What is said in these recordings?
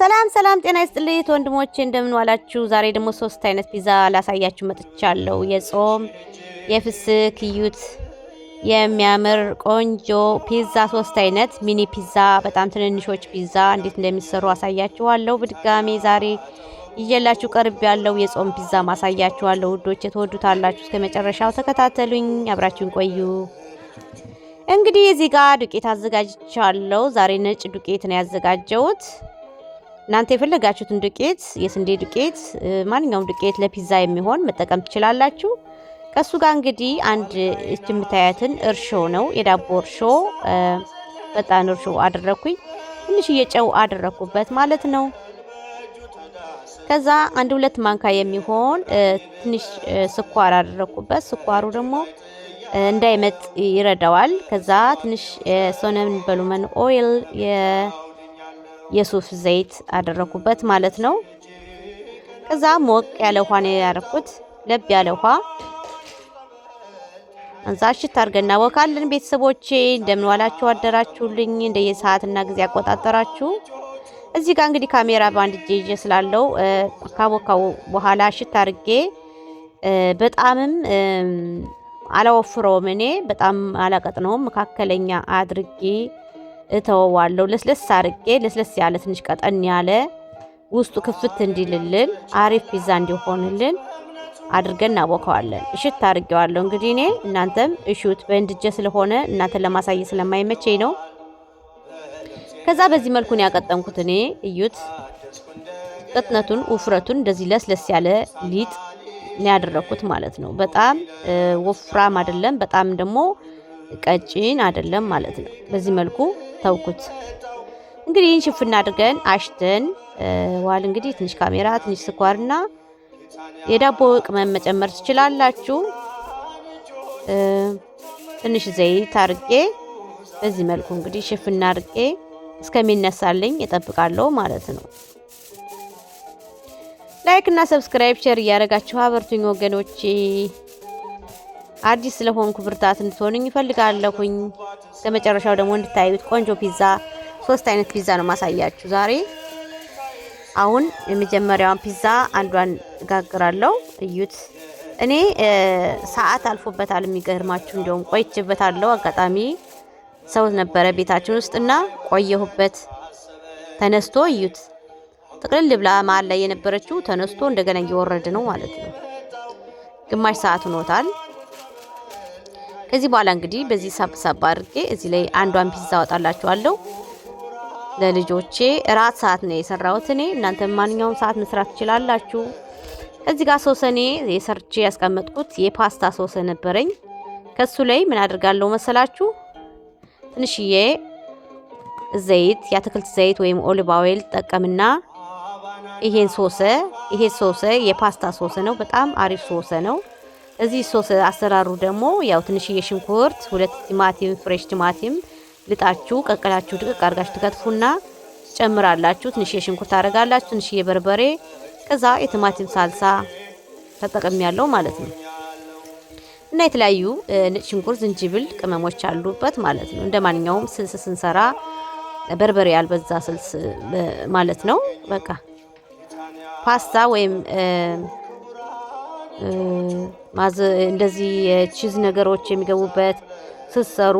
ሰላም ሰላም፣ ጤና ይስጥልኝ ወንድሞቼ እንደምን ዋላችሁ? ዛሬ ደግሞ ሶስት አይነት ፒዛ ላሳያችሁ መጥቻለሁ። የጾም የፍስክ ዩት የሚያምር ቆንጆ ፒዛ ሶስት አይነት ሚኒ ፒዛ፣ በጣም ትንንሾች ፒዛ እንዴት እንደሚሰሩ አሳያችኋለሁ። በድጋሜ ዛሬ ይዤላችሁ ቀርብ ያለው የጾም ፒዛ ማሳያችኋለሁ። ውዶች የተወዱታላችሁ፣ እስከ መጨረሻው ተከታተሉኝ፣ አብራችሁን ቆዩ። እንግዲህ እዚህ ጋር ዱቄት አዘጋጅቻለሁ። ዛሬ ነጭ ዱቄት ነው ያዘጋጀሁት። እናንተ የፈለጋችሁትን ዱቄት፣ የስንዴ ዱቄት፣ ማንኛውም ዱቄት ለፒዛ የሚሆን መጠቀም ትችላላችሁ። ከእሱ ጋር እንግዲህ አንድ እች የምታያትን እርሾ ነው የዳቦ እርሾ በጣም እርሾ አደረኩኝ። ትንሽ እየጨው አደረኩበት ማለት ነው። ከዛ አንድ ሁለት ማንካ የሚሆን ትንሽ ስኳር አደረኩበት። ስኳሩ ደግሞ እንዳይመጥ ይረዳዋል። ከዛ ትንሽ ሶነን በሉመን ኦይል የሱፍ ዘይት አደረኩበት ማለት ነው። ከዛ ሞቅ ያለ ውሃ ነው ያረኩት፣ ለብ ያለ ውሃ እንዛ ሽት አድርገን እናወካለን። ቤተሰቦቼ እንደምን ዋላችሁ አደራችሁልኝ፣ እንደየሰዓትና ጊዜ አቆጣጠራችሁ። እዚህ ጋር እንግዲህ ካሜራ ባንድ እጄ ይዤ ስላለው ካቦካው በኋላ ሽት አድርጌ በጣምም አላወፍረውም እኔ በጣም አላቀጥነውም፣ መካከለኛ አድርጌ እተወዋለሁ። ለስለስ አርቄ ለስለስ ያለ ትንሽ ቀጠን ያለ ውስጡ ክፍት እንዲልልን አሪፍ ፒዛ እንዲሆንልን አድርገን እናቦከዋለን። እሽት አድርጌዋለሁ። እንግዲህ እኔ እናንተም እሹት። በእንድጀ ስለሆነ እናንተን ለማሳየት ስለማይመቸኝ ነው። ከዛ በዚህ መልኩ ነው ያቀጠንኩት እኔ እዩት። ቅጥነቱን ውፍረቱን እንደዚህ ለስለስ ያለ ሊጥ ነው ያደረኩት ማለት ነው። በጣም ወፍራም አይደለም፣ በጣም ደግሞ ቀጭን አይደለም ማለት ነው። በዚህ መልኩ ተውኩት። እንግዲህ ይህን ሽፍና አድርገን አሽተን ዋል። እንግዲህ ትንሽ ካሜራ፣ ትንሽ ስኳርና የዳቦ ቅመም መጨመር ትችላላችሁ። ትንሽ ዘይት አርቄ በዚህ መልኩ እንግዲህ ሽፍና አርቄ እስከሚነሳልኝ እጠብቃለሁ ማለት ነው። ላይክ እና ሰብስክራይብ ሼር እያደረጋችሁ አበርቱኝ ወገኖቼ። አዲስ ስለሆንኩ ብርታት እንድትሆኑኝ ይፈልጋለሁኝ። ለመጨረሻው ደግሞ እንድታዩት ቆንጆ ፒዛ፣ ሶስት አይነት ፒዛ ነው ማሳያችሁ ዛሬ። አሁን የመጀመሪያውን ፒዛ አንዷን ጋግራለሁ። እዩት። እኔ ሰዓት አልፎበታል። የሚገርማችሁ እንዲሁም ቆይቼበታለሁ። አጋጣሚ ሰው ነበረ ቤታችን ውስጥ እና ቆየሁበት። ተነስቶ እዩት፣ ጥቅልል ብላ መሀል ላይ የነበረችው ተነስቶ እንደገና እየወረድ ነው ማለት ነው። ግማሽ ሰዓት ሆኖታል። ከዚህ በኋላ እንግዲህ በዚህ ሳብ ሳብ አድርጌ እዚህ ላይ አንዷን ፒዛ አወጣላችኋለሁ። ለልጆቼ እራት ሰዓት ነው የሰራሁት እኔ። እናንተ ማንኛውም ሰዓት መስራት ትችላላችሁ። እዚህ ጋር ሶስ እኔ የሰርቼ ያስቀመጥኩት የፓስታ ሶስ ነበረኝ። ከሱ ላይ ምን አድርጋለሁ መሰላችሁ? ትንሽዬ ዘይት የአትክልት ዘይት ወይም ኦሊቭ ኦይል ጠቀምና ይሄን ሶሰ ይሄ ሶሰ የፓስታ ሶሰ ነው። በጣም አሪፍ ሶሰ ነው። እዚህ ሶስ አሰራሩ ደግሞ ያው ትንሽዬ ሽንኩርት፣ ሁለት ቲማቲም ፍሬሽ ቲማቲም ልጣችሁ ቀቅላችሁ ድቅቅ አድርጋችሁ ትከትፉና ጨምራላችሁ። ትንሽዬ ሽንኩርት አረጋላችሁ፣ ትንሽዬ በርበሬ፣ ከዛ የቲማቲም ሳልሳ ተጠቅም ያለው ማለት ነው። እና የተለያዩ ነጭ ሽንኩርት፣ ዝንጅብል፣ ቅመሞች አሉበት ማለት ነው። እንደ ማንኛውም ስልስ ስንሰራ በርበሬ ያልበዛ ስልስ ማለት ነው። በቃ ፓስታ ወይም እንደዚህ የቺዝ ነገሮች የሚገቡበት ስትሰሩ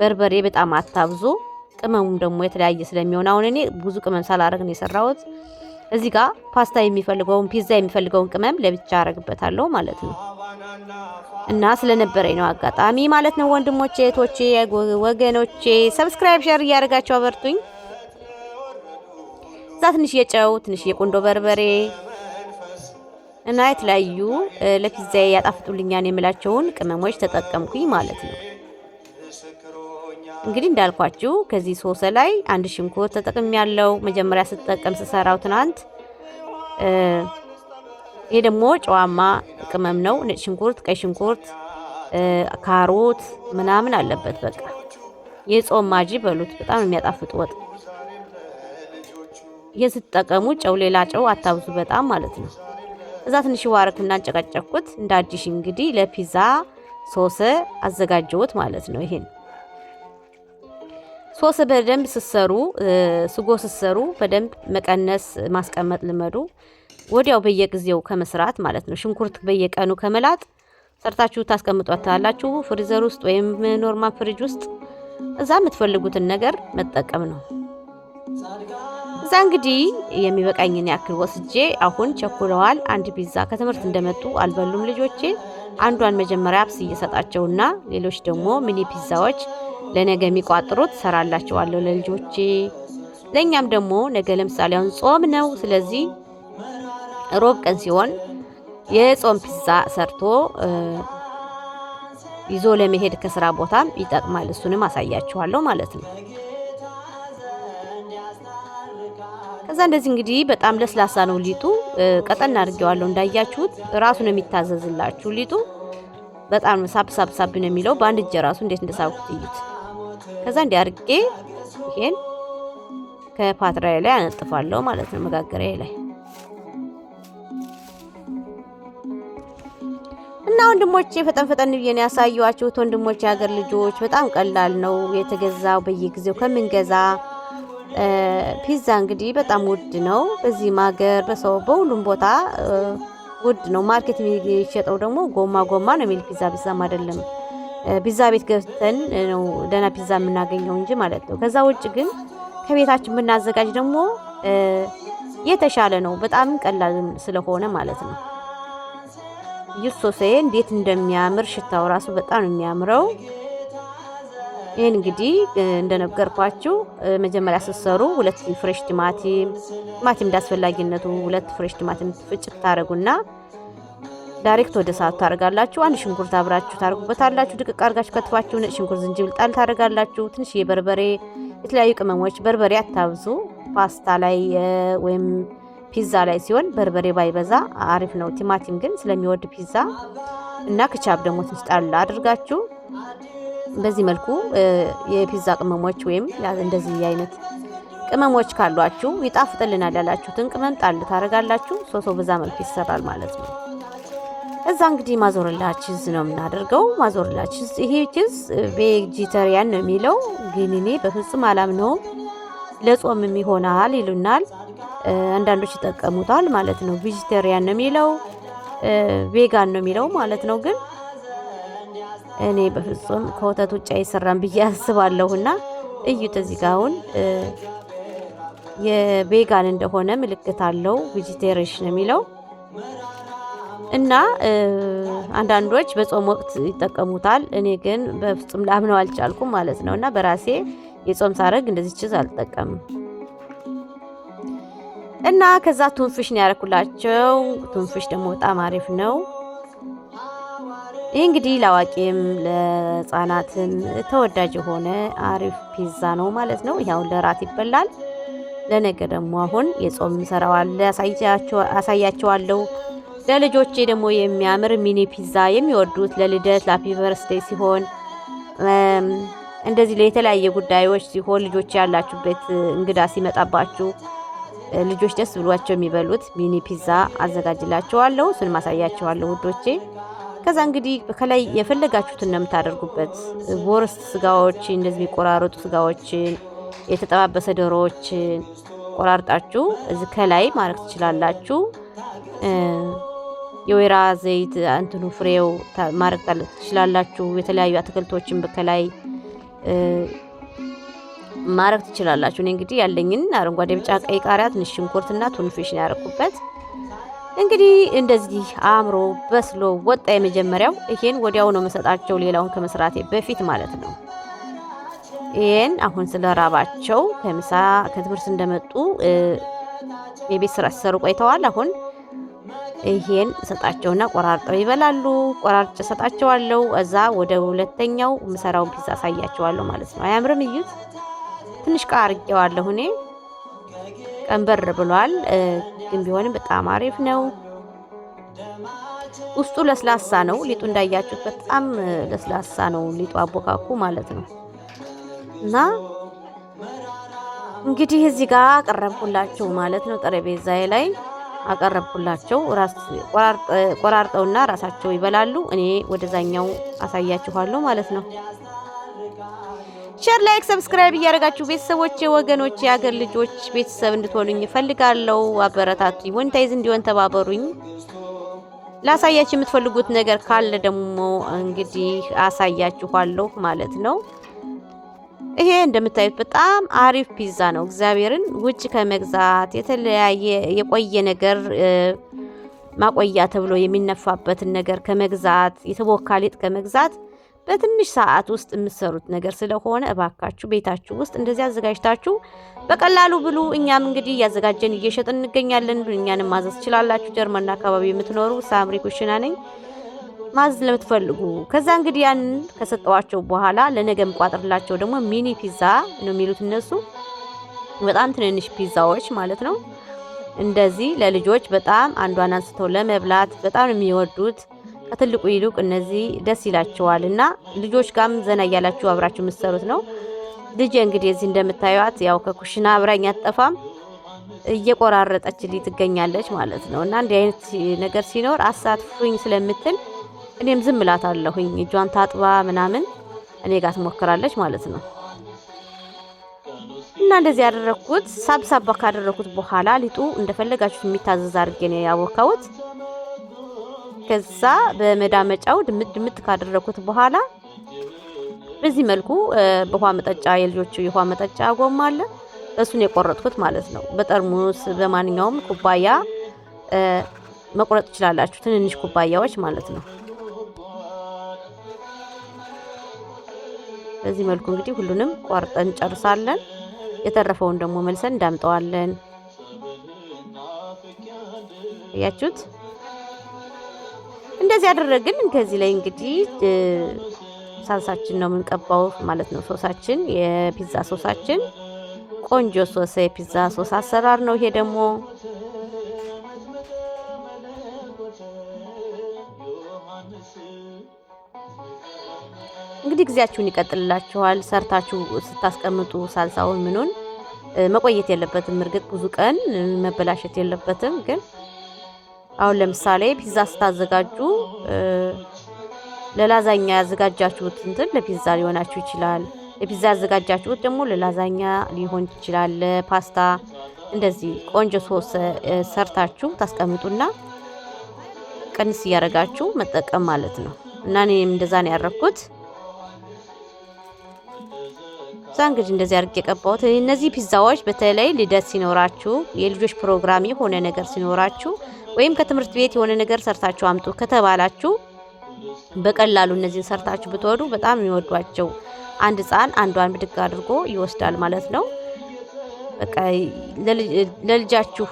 በርበሬ በጣም አታብዙ። ቅመሙም ደግሞ የተለያየ ስለሚሆን አሁን እኔ ብዙ ቅመም ሳላረግ ነው የሰራሁት። እዚህ ጋር ፓስታ የሚፈልገውን ፒዛ የሚፈልገውን ቅመም ለብቻ አረግበታለሁ ማለት ነው። እና ስለነበረኝ ነው አጋጣሚ ማለት ነው። ወንድሞቼ፣ እህቶቼ፣ ወገኖቼ ሰብስክራይብ፣ ሸር እያደረጋቸው አበርቱኝ። እዛ ትንሽዬ ጨው፣ ትንሽ ቁንዶ በርበሬ እና የተለያዩ ለፒዛ ያጣፍጡልኛል የምላቸውን ቅመሞች ተጠቀምኩኝ ማለት ነው። እንግዲህ እንዳልኳችሁ ከዚህ ሶስ ላይ አንድ ሽንኩርት ተጠቅም ያለው መጀመሪያ ስጠቀም ስሰራው ትናንት። ይሄ ደግሞ ጨዋማ ቅመም ነው። ነጭ ሽንኩርት፣ ቀይ ሽንኩርት፣ ካሮት ምናምን አለበት። በቃ የጾም ማጂ በሉት። በጣም የሚያጣፍጥ ወጥ። ይህን ስትጠቀሙ ጨው፣ ሌላ ጨው አታብዙ በጣም ማለት ነው። እዛ ትንሽ ዋረኩ እናንጨቀጨኩት እንደ አዲሽ እንግዲህ ለፒዛ ሶስ አዘጋጀውት ማለት ነው። ይሄን ሶስ በደንብ ስሰሩ ስጎ ስሰሩ በደንብ መቀነስ ማስቀመጥ ልመዱ። ወዲያው በየጊዜው ከመስራት ማለት ነው። ሽንኩርት በየቀኑ ከመላጥ ሰርታችሁ ታስቀምጧታላችሁ ፍሪዘር ውስጥ ወይም ኖርማል ፍሪጅ ውስጥ እዛ የምትፈልጉትን ነገር መጠቀም ነው። እዛ እንግዲህ የሚበቃኝን ያክል ወስጄ አሁን ቸኩለዋል። አንድ ፒዛ ከትምህርት እንደመጡ አልበሉም ልጆቼ። አንዷን መጀመሪያ አብስ እየሰጣቸውና ሌሎች ደግሞ ሚኒ ፒዛዎች ለነገ የሚቋጥሩት ሰራላቸዋለሁ ለልጆቼ። ለእኛም ደግሞ ነገ ለምሳሌ አሁን ጾም ነው። ስለዚህ ሮብ ቀን ሲሆን የጾም ፒዛ ሰርቶ ይዞ ለመሄድ ከስራ ቦታም ይጠቅማል። እሱንም አሳያችኋለሁ ማለት ነው። ከዛ እንደዚህ እንግዲህ በጣም ለስላሳ ነው ሊጡ። ቀጠና አድርጌዋለሁ እንዳያችሁት። ራሱ ነው የሚታዘዝላችሁ ሊጡ። በጣም ሳብ ሳብ ሳብ ነው የሚለው። በአንድ እጄ ራሱ እንዴት እንደሳብኩት እዩት። ከዛ እንዲህ አድርጌ ይሄን ከፓትራዬ ላይ አነጥፋለሁ ማለት ነው መጋገሪያ ላይ እና ወንድሞቼ ፈጠን ፈጠን ብዬ ነው ያሳየኋችሁት። ወንድሞቼ የሀገር ልጆች በጣም ቀላል ነው የተገዛው በየጊዜው ከምንገዛ ፒዛ እንግዲህ በጣም ውድ ነው። በዚህ ማገር በሰው በሁሉም ቦታ ውድ ነው። ማርኬት የሚሸጠው ደግሞ ጎማ ጎማ ነው የሚል ፒዛ ፒዛም አይደለም። ፒዛ ቤት ገብተን ነው ደህና ፒዛ የምናገኘው እንጂ ማለት ነው። ከዛ ውጭ ግን ከቤታችን ብናዘጋጅ ደግሞ የተሻለ ነው። በጣም ቀላል ስለሆነ ማለት ነው። ይህ ሶሴ እንዴት እንደሚያምር ሽታው ራሱ በጣም ነው የሚያምረው። ይህን እንግዲህ እንደነገርኳችሁ መጀመሪያ ስትሰሩ ሁለት ፍሬሽ ቲማቲም ቲማቲም እንዳስፈላጊነቱ ሁለት ፍሬሽ ቲማቲም ፍጭት ታደረጉና ዳይሬክት ወደ እሳቱ ታደርጋላችሁ። አንድ ሽንኩርት አብራችሁ ታደርጉበታላችሁ። ድቅቅ አድርጋችሁ ከትፋችሁ ነጭ ሽንኩርት፣ ዝንጅብል ጣል ታደርጋላችሁ። ትንሽዬ በርበሬ፣ የተለያዩ ቅመሞች። በርበሬ አታብዙ። ፓስታ ላይ ወይም ፒዛ ላይ ሲሆን በርበሬ ባይበዛ አሪፍ ነው። ቲማቲም ግን ስለሚወድ ፒዛ እና ክቻብ ደግሞ ትንሽ ጣል አድርጋችሁ በዚህ መልኩ የፒዛ ቅመሞች ወይም እንደዚህ አይነት ቅመሞች ካሏችሁ ይጣፍጥልናል ያላችሁትን ቅመም ጣል ታደርጋላችሁ። ሶሶ በዛ መልኩ ይሰራል ማለት ነው። እዛ እንግዲህ ማዞርላ ቺዝ ነው የምናደርገው። ማዞርላ ቺዝ ይሄ ቺዝ ቬጂተሪያን ነው የሚለው፣ ግን እኔ በፍጹም አላምነውም። ለጾምም ይሆናል ይሉናል አንዳንዶች ይጠቀሙታል ማለት ነው። ቬጂተሪያን ነው የሚለው፣ ቬጋን ነው የሚለው ማለት ነው ግን እኔ በፍጹም ከወተት ውጭ አይሰራም ብዬ አስባለሁና እዩት። እዚህ ጋር አሁን የቬጋን እንደሆነ ምልክት አለው ቪጂቴሪሽ የሚለው እና አንዳንዶች በጾም ወቅት ይጠቀሙታል። እኔ ግን በፍጹም ላምነው አልቻልኩም ማለት ነው እና በራሴ የጾም ሳረግ እንደዚህ ችዝ አልጠቀምም እና ከዛ ቱንፍሽ ነው ያደረኩላቸው። ቱንፍሽ ደግሞ በጣም አሪፍ ነው። ይህ እንግዲህ ለአዋቂም ለሕፃናትም ተወዳጅ የሆነ አሪፍ ፒዛ ነው ማለት ነው። ይህ ለራት ይበላል። ለነገ ደግሞ አሁን የጾም ሰራዋል አሳያቸዋለሁ። ለልጆቼ ደግሞ የሚያምር ሚኒ ፒዛ የሚወዱት ለልደት ለሀፒ በርስዴ ሲሆን እንደዚህ ለየተለያየ ጉዳዮች ሲሆን ልጆች ያላችሁበት እንግዳ ሲመጣባችሁ ልጆች ደስ ብሏቸው የሚበሉት ሚኒ ፒዛ አዘጋጅላቸዋለሁ። እሱን ማሳያቸዋለሁ ውዶቼ። ከዛ እንግዲህ ከላይ የፈለጋችሁትን ነው የምታደርጉበት። ቦርስት ስጋዎች፣ እንደዚህ የሚቆራረጡ ስጋዎችን፣ የተጠባበሰ ዶሮዎችን ቆራርጣችሁ እዚህ ከላይ ማድረግ ትችላላችሁ። የወይራ ዘይት እንትኑ ፍሬው ማድረግ ትችላላችሁ። የተለያዩ አትክልቶችን ከላይ ማድረግ ትችላላችሁ። እኔ እንግዲህ ያለኝን አረንጓዴ፣ ቢጫ፣ ቀይ ቃሪያ፣ ትንሽ ሽንኩርትና ቱንፊሽ ያደረኩበት። እንግዲህ እንደዚህ አእምሮ በስሎ ወጣ። የመጀመሪያው ይሄን ወዲያው ነው መሰጣቸው፣ ሌላውን ከመስራቴ በፊት ማለት ነው። ይሄን አሁን ስለራባቸው ከምሳ ከትምህርት እንደመጡ የቤት ስራ ሲሰሩ ቆይተዋል። አሁን ይሄን ሰጣቸውና ቆራርጠው ይበላሉ። ቆራርጭ ሰጣቸዋለሁ። እዛ ወደ ሁለተኛው ምሰራውን ፒዛ አሳያቸዋለሁ ማለት ነው። አያምርም? እዩት። ትንሽ ቃ አርጌዋለሁ እኔ ቀንበር ብሏል፣ ግን ቢሆንም በጣም አሪፍ ነው። ውስጡ ለስላሳ ነው። ሊጡ እንዳያችሁት በጣም ለስላሳ ነው። ሊጡ አቦካኩ ማለት ነው። እና እንግዲህ እዚህ ጋር አቀረብኩላቸው ማለት ነው። ጠረጴዛዬ ላይ አቀረብኩላቸው። ቆራርጠውና ራሳቸው ይበላሉ። እኔ ወደዛኛው አሳያችኋለሁ ማለት ነው። ሸር፣ ላይክ፣ ሰብስክራይብ እያደረጋችሁ ቤተሰቦች፣ ወገኖች፣ የአገር ልጆች ቤተሰብ እንድትሆኑኝ እፈልጋለሁ። አበረታቱኝ፣ ሞኔታይዝ እንዲሆን ተባበሩኝ። ላሳያችሁ የምትፈልጉት ነገር ካለ ደግሞ እንግዲህ አሳያችኋለሁ ማለት ነው። ይሄ እንደምታዩት በጣም አሪፍ ፒዛ ነው። እግዚአብሔርን ውጭ ከመግዛት የተለያየ የቆየ ነገር ማቆያ ተብሎ የሚነፋበትን ነገር ከመግዛት የተቦካ ሊጥ ከመግዛት በትንሽ ሰዓት ውስጥ የምትሰሩት ነገር ስለሆነ እባካችሁ ቤታችሁ ውስጥ እንደዚህ አዘጋጅታችሁ በቀላሉ ብሉ። እኛም እንግዲህ እያዘጋጀን እየሸጥ እንገኛለን። እኛንም ማዘዝ ትችላላችሁ። ጀርመን አካባቢ የምትኖሩ ሳምሪ ኩሽና ነኝ ማዘዝ ለምትፈልጉ። ከዛ እንግዲህ ያን ከሰጠዋቸው በኋላ ለነገ የምቋጥርላቸው ደግሞ ሚኒ ፒዛ ነው የሚሉት እነሱ፣ በጣም ትንንሽ ፒዛዎች ማለት ነው። እንደዚህ ለልጆች በጣም አንዷን አንስተው ለመብላት በጣም የሚወዱት ከትልቁ ይልቅ እነዚህ ደስ ይላቸዋል እና ልጆች ጋም ዘና እያላችሁ አብራችሁ የምትሰሩት ነው። ልጄ እንግዲህ እዚህ እንደምታዩት ያው ከኩሽና አብራኝ አትጠፋም እየቆራረጠችልኝ ትገኛለች ማለት ነው። እና እንዲህ አይነት ነገር ሲኖር አሳትፉኝ ስለምትል እኔም ዝም እላታለሁኝ። እጇን ታጥባ ምናምን እኔ ጋር ትሞክራለች ማለት ነው። እና እንደዚህ ያደረግኩት ሳብሳባ ካደረግኩት በኋላ ሊጡ እንደፈለጋችሁት የሚታዘዝ አድርጌ ነው ያቦካሁት። ከዛ በመዳመጫው ድምጥ ድምጥ ካደረኩት በኋላ በዚህ መልኩ በውሃ መጠጫ የልጆቹ የውሃ መጠጫ ጎማ አለ እሱን የቆረጥኩት ማለት ነው። በጠርሙስ በማንኛውም ኩባያ መቁረጥ ትችላላችሁ፣ ትንንሽ ኩባያዎች ማለት ነው። በዚህ መልኩ እንግዲህ ሁሉንም ቆርጠን ጨርሳለን። የተረፈውን ደግሞ መልሰን እንዳምጠዋለን። እያችሁት እንደዚህ ያደረግን ከዚህ ላይ እንግዲህ ሳልሳችን ነው የምንቀባው ማለት ነው። ሶሳችን የፒዛ ሶሳችን ቆንጆ ሶስ የፒዛ ሶስ አሰራር ነው ይሄ ደግሞ እንግዲህ ጊዜያችሁን ይቀጥልላችኋል። ሰርታችሁ ስታስቀምጡ ሳልሳውን ምኑን መቆየት የለበትም። እርግጥ ብዙ ቀን መበላሸት የለበትም ግን አሁን ለምሳሌ ፒዛ ስታዘጋጁ ለላዛኛ ያዘጋጃችሁት እንትን ለፒዛ ሊሆናችሁ ይችላል። ለፒዛ ያዘጋጃችሁት ደግሞ ለላዛኛ ሊሆን ይችላል። ለፓስታ እንደዚህ ቆንጆ ሶስ ሰርታችሁ ታስቀምጡና ቀንስ እያደረጋችሁ መጠቀም ማለት ነው። እና እኔም እንደዛ ነው ያደረኩት። እዛ እንግዲህ እንደዚህ አድርጌ የቀባሁት። እነዚህ ፒዛዎች በተለይ ልደት ሲኖራችሁ፣ የልጆች ፕሮግራም የሆነ ነገር ሲኖራችሁ ወይም ከትምህርት ቤት የሆነ ነገር ሰርታችሁ አምጡ ከተባላችሁ በቀላሉ እነዚህን ሰርታችሁ ብትወዱ በጣም የሚወዷቸው አንድ ህፃን አንዷን ብድግ አድርጎ ይወስዳል ማለት ነው። በቃ ለልጃችሁ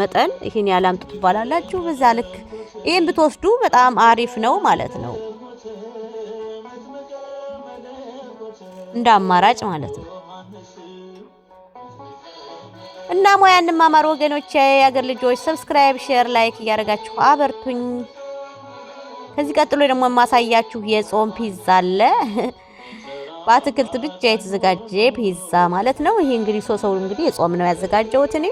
መጠን ይህን ያላምጡ ትባላላችሁ። በዛ ልክ ይህን ብትወስዱ በጣም አሪፍ ነው ማለት ነው፣ እንደ አማራጭ ማለት ነው። እና ሙያ ማማር ወገኖች፣ የአገር ልጆች ሰብስክራይብ፣ ሼር፣ ላይክ እያደረጋችሁ አበርቱኝ። ከዚህ ቀጥሎ ደግሞ የማሳያችሁ የጾም ፒዛ አለ። በአትክልት ብቻ የተዘጋጀ ፒዛ ማለት ነው። ይሄ እንግዲህ ሶሰው እንግዲህ የጾም ነው ያዘጋጀሁት እኔ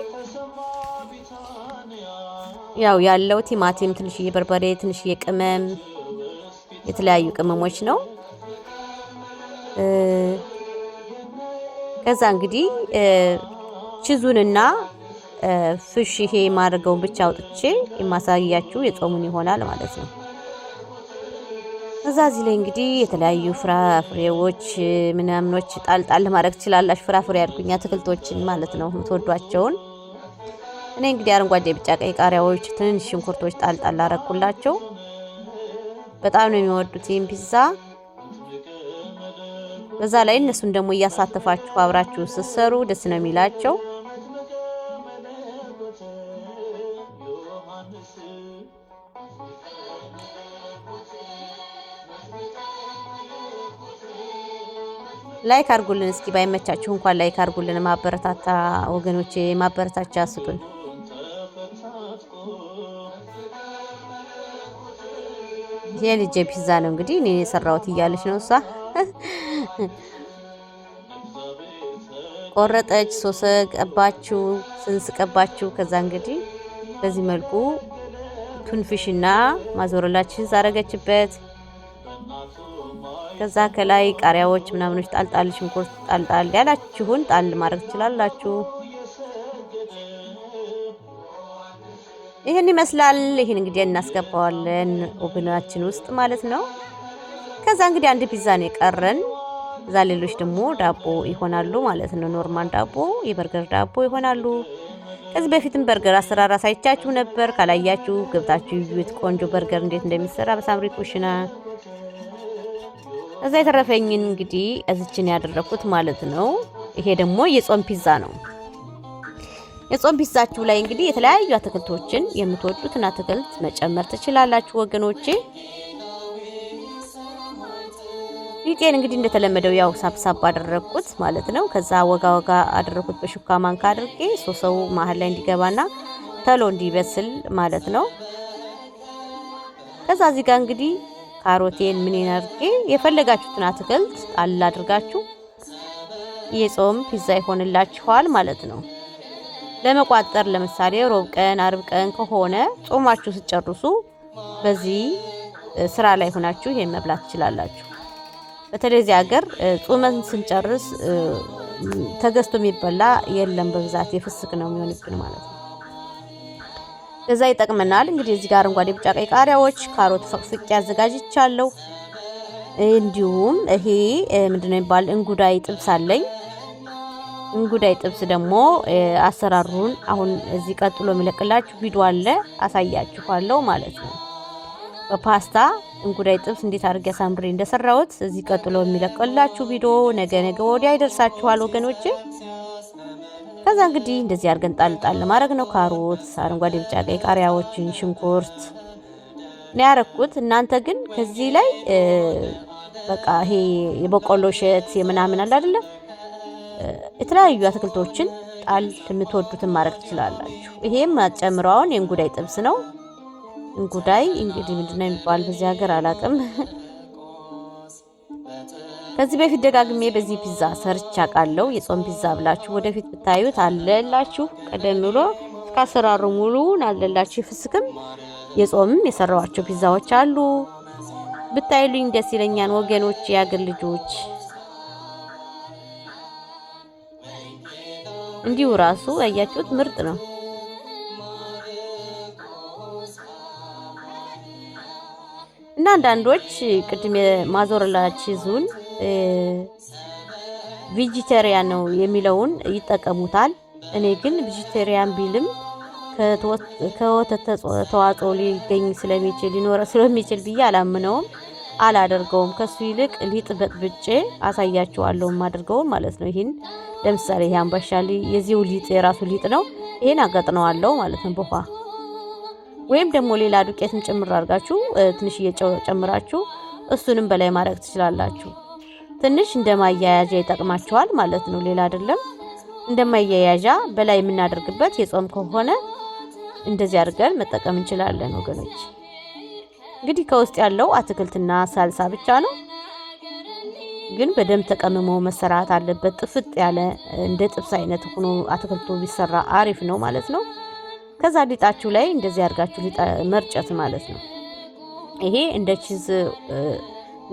ያው ያለው ቲማቲም፣ ትንሽዬ በርበሬ፣ ትንሽዬ ቅመም፣ የተለያዩ ቅመሞች ነው። ከዛ እንግዲህ ችዙንና ፍሽ ይሄ የማድረገውን ብቻ አውጥቼ የማሳያችሁ የጾሙን ይሆናል ማለት ነው። እዛ እዚህ ላይ እንግዲህ የተለያዩ ፍራፍሬዎች ምናምኖች ጣልጣል ማድረግ ትችላላችሁ። ፍራፍሬ ያልኩኝ አትክልቶችን ማለት ነው የምትወዷቸውን። እኔ እንግዲህ አረንጓዴ፣ ቢጫ፣ ቀይ ቃሪያዎች፣ ትንንሽ ሽንኩርቶች ጣልጣል አረኩላቸው። በጣም ነው የሚወዱት ይህን ፒዛ። በዛ ላይ እነሱን ደግሞ እያሳተፋችሁ አብራችሁ ስትሰሩ ደስ ነው የሚላቸው። ላይክ አድርጉልን። እስኪ ባይመቻችሁ እንኳን ላይክ አድርጉልን። ማበረታታ ወገኖቼ ማበረታቻ ስጡን። የልጄ ፒዛ ነው እንግዲህ እኔ የሰራሁት እያለች ነው እሷ ቆረጠች፣ ሶስ ቀባችሁ፣ ስንስ ቀባችሁ። ከዛ እንግዲህ በዚህ መልኩ ቱንፊሽና ማዞረላችን ሳረገችበት ከዛ ከላይ ቃሪያዎች ምናምኖች ጣልጣል ሽንኩርት ጣልጣል ያላችሁን ጣል ማድረግ ትችላላችሁ። ይህን ይመስላል። ይህን እንግዲህ እናስገባዋለን ኦቨናችን ውስጥ ማለት ነው። ከዛ እንግዲህ አንድ ፒዛ ነው የቀረን። እዛ ሌሎች ደግሞ ዳቦ ይሆናሉ ማለት ነው። ኖርማል ዳቦ፣ የበርገር ዳቦ ይሆናሉ። ከዚህ በፊትም በርገር አሰራር አሳይቻችሁ ነበር። ካላያችሁ ገብታችሁ ይዩት። ቆንጆ በርገር እንዴት እንደሚሰራ በሳምሪ ኩሽና እዛ የተረፈኝን እንግዲህ እዝችን ያደረኩት ማለት ነው። ይሄ ደግሞ የጾም ፒዛ ነው። የጾም ፒዛችሁ ላይ እንግዲህ የተለያዩ አትክልቶችን የምትወዱትን አትክልት መጨመር ትችላላችሁ ወገኖቼ። ሊጤን እንግዲህ እንደተለመደው ያው ሳብሳብ አደረግኩት ማለት ነው። ከዛ ወጋ ወጋ አደረግኩት በሹካ ማንካ አድርጌ ሶሰው መሀል ላይ እንዲገባና ተሎ እንዲበስል ማለት ነው። ከዛ እዚህ ጋር እንግዲህ ካሮቴን ምን አድርጌ የፈለጋችሁትን አትክልት ጣል አድርጋችሁ የጾም ፒዛ ይሆንላችኋል ማለት ነው። ለመቋጠር ለምሳሌ ሮብ ቀን፣ አርብ ቀን ከሆነ ጾማችሁ ስትጨርሱ በዚህ ስራ ላይ ሆናችሁ ይሄን መብላት ትችላላችሁ። በተለይ እዚህ ሀገር ጾመን ስንጨርስ ተገዝቶ የሚበላ የለም። በብዛት የፍስክ ነው የሚሆንብን ማለት ነው። ለዛ ይጠቅመናል። እንግዲህ እዚህ ጋር አረንጓዴ፣ ቢጫ፣ ቀይ ቃሪያዎች፣ ካሮት ፍቅፍቄ አዘጋጅቻለሁ። እንዲሁም ይሄ ምንድነው የሚባል እንጉዳይ ጥብስ አለኝ። እንጉዳይ ጥብስ ደግሞ አሰራሩን አሁን እዚህ ቀጥሎ የሚለቅላችሁ ቪዲዮ አለ አሳያችኋለሁ ማለት ነው። በፓስታ እንጉዳይ ጥብስ እንዴት አድርጌ አሳምሬ እንደሰራሁት እዚህ ቀጥሎ የሚለቅላችሁ ቪዲዮ ነገ ነገ ወዲያ ይደርሳችኋል ወገኖቼ። ከዛ እንግዲህ እንደዚህ አድርገን ጣል ጣል ለማድረግ ነው። ካሮት፣ አረንጓዴ፣ ቢጫ፣ ቀይ ቃሪያዎችን፣ ሽንኩርት ነው ያረኩት። እናንተ ግን ከዚህ ላይ በቃ ይሄ የበቆሎ እሸት የምናምን አለ አይደለ? የተለያዩ አትክልቶችን ጣል የምትወዱትን ማድረግ ትችላላችሁ። ይሄም አጨምረውን የእንጉዳይ ጥብስ ነው። እንጉዳይ እንግዲህ ምንድነው የሚባል በዚህ ሀገር አላውቅም። ከዚህ በፊት ደጋግሜ በዚህ ፒዛ ሰርቻ ቃለው የጾም ፒዛ ብላችሁ ወደፊት ብታዩት አለላችሁ። ቀደም ብሎ እስከ አሰራሩ አለላችሁ። ፍስክም የጾምም የሰራዋቸው ፒዛዎች አሉ። ብታይሉኝ ደስ ይለኛል ወገኖች፣ የአገር ልጆች እንዲሁ ራሱ ያያችሁት ምርጥ ነው። እና አንዳንዶች ቅድም ማዞርላችሁ ዙን ቬጂቴሪያን ነው የሚለውን ይጠቀሙታል። እኔ ግን ቬጂቴሪያን ቢልም ከወተት ተዋጽኦ ሊገኝ ስለሚችል ሊኖረ ስለሚችል ብዬ አላምነውም፣ አላደርገውም። ከሱ ይልቅ ሊጥ በጥብጬ አሳያችኋለሁ አድርገውን ማለት ነው። ይህን ለምሳሌ ይህ አምባሻ የዚው ሊጥ የራሱ ሊጥ ነው። ይህን አጋጥነዋለሁ ማለት ነው በኋ ወይም ደግሞ ሌላ ዱቄትም ጭምር አድርጋችሁ ትንሽዬ ጨው ጨምራችሁ እሱንም በላይ ማድረግ ትችላላችሁ። ትንሽ እንደ ማያያዣ ይጠቅማቸዋል ማለት ነው። ሌላ አይደለም። እንደ ማያያዣ በላይ የምናደርግበት የጾም ከሆነ እንደዚህ አድርገን መጠቀም እንችላለን ወገኖች። እንግዲህ ከውስጥ ያለው አትክልትና ሳልሳ ብቻ ነው፣ ግን በደንብ ተቀምሞ መሰራት አለበት። ጥፍጥ ያለ እንደ ጥብስ አይነት ሆኖ አትክልቱ ቢሰራ አሪፍ ነው ማለት ነው። ከዛ ሊጣችሁ ላይ እንደዚህ አድርጋችሁ መርጨት ማለት ነው። ይሄ እንደ ቺዝ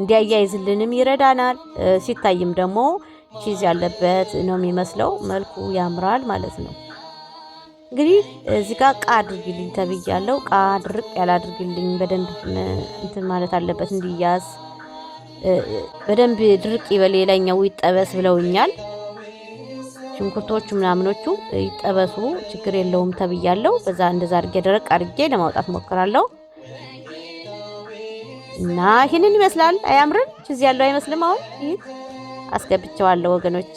እንዲያያይዝልንም ይረዳናል። ሲታይም ደግሞ ቺዝ ያለበት ነው የሚመስለው፣ መልኩ ያምራል ማለት ነው። እንግዲህ እዚህ ጋር ቃ አድርግልኝ ተብያለው። ቃ ድርቅ ያላድርግልኝ በደንብ እንትን ማለት አለበት እንዲያዝ በደንብ ድርቅ ይበል። ሌላኛው ይጠበስ ብለውኛል። ሽንኩርቶቹ ምናምኖቹ ይጠበሱ ችግር የለውም ተብያለው። በዛ እንደዛ አድርጌ ደረቅ አድርጌ ለማውጣት ሞክራለው። እና ይህንን ይመስላል። አያምርም? እዚህ ያለው አይመስልም? አሁን ይህ አስገብቼዋለሁ ወገኖች።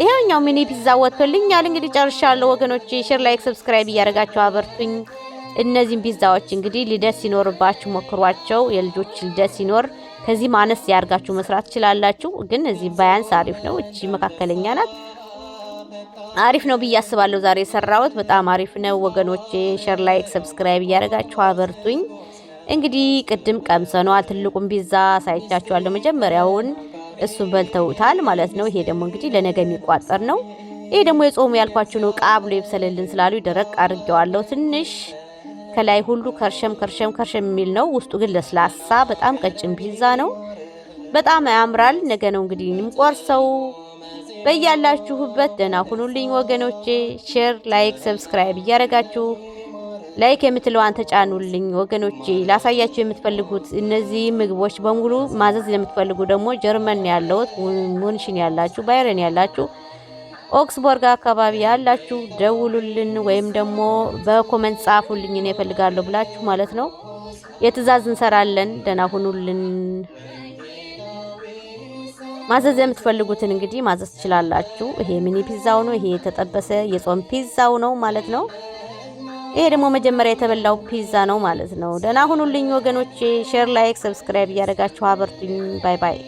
ይሄኛው ሚኒ ፒዛ ወጥቶልኛል። እንግዲህ ጨርሻለሁ ወገኖች። ሼር፣ ላይክ፣ ሰብስክራይብ እያደረጋችሁ አበርቱኝ። እነዚህን ፒዛዎች እንግዲህ ልደት ሲኖርባችሁ ሞክሯቸው። የልጆች ልደት ሲኖር ከዚህ ማነስ ያርጋችሁ መስራት ትችላላችሁ፣ ግን እዚህ ባያንስ አሪፍ ነው። እቺ መካከለኛ ናት፣ አሪፍ ነው ብዬ አስባለሁ። ዛሬ የሰራሁት በጣም አሪፍ ነው ወገኖቼ። ሼር ላይክ ሰብስክራይብ እያደረጋችሁ አበርቱኝ። እንግዲህ ቅድም ቀምሰኗል። ትልቁን ቢዛ ሳይቻችኋለሁ መጀመሪያውን እሱን በልተውታል ማለት ነው። ይሄ ደግሞ እንግዲህ ለነገ የሚቋጠር ነው። ይሄ ደግሞ የጾሙ ያልኳችሁ ነው። ቃብሎ ይብሰልልን ስላሉ ደረቅ አድርጌዋለሁ። ትንሽ ከላይ ሁሉ ከርሸም ከርሸም ከርሸም የሚል ነው። ውስጡ ግን ለስላሳ በጣም ቀጭን ቢዛ ነው። በጣም ያምራል። ነገ ነው እንግዲህ የምቆርሰው። በያላችሁበት ደህና ሁኑልኝ ወገኖቼ። ሼር፣ ላይክ፣ ሰብስክራይብ እያደረጋችሁ ላይክ የምትለዋን ተጫኑልኝ ወገኖቼ። ላሳያችሁ የምትፈልጉት እነዚህ ምግቦች በሙሉ ማዘዝ የምትፈልጉ ደግሞ ጀርመን ያለውት ሙንሽን ያላችሁ፣ ባይረን ያላችሁ፣ ኦክስቦርግ አካባቢ ያላችሁ ደውሉልን፣ ወይም ደግሞ በኮመንት ጻፉልኝ እኔ እፈልጋለሁ ብላችሁ ማለት ነው። የትእዛዝ እንሰራለን። ደህና ሁኑልን። ማዘዝ የምትፈልጉትን እንግዲህ ማዘዝ ትችላላችሁ። ይሄ ሚኒ ፒዛው ነው። ይሄ የተጠበሰ የጾም ፒዛው ነው ማለት ነው። ይሄ ደግሞ መጀመሪያ የተበላው ፒዛ ነው ማለት ነው። ደህና ሁኑልኝ ወገኖቼ። ሼር፣ ላይክ፣ ሰብስክራይብ እያደረጋችሁ አበርቱኝ። ባይ ባይ።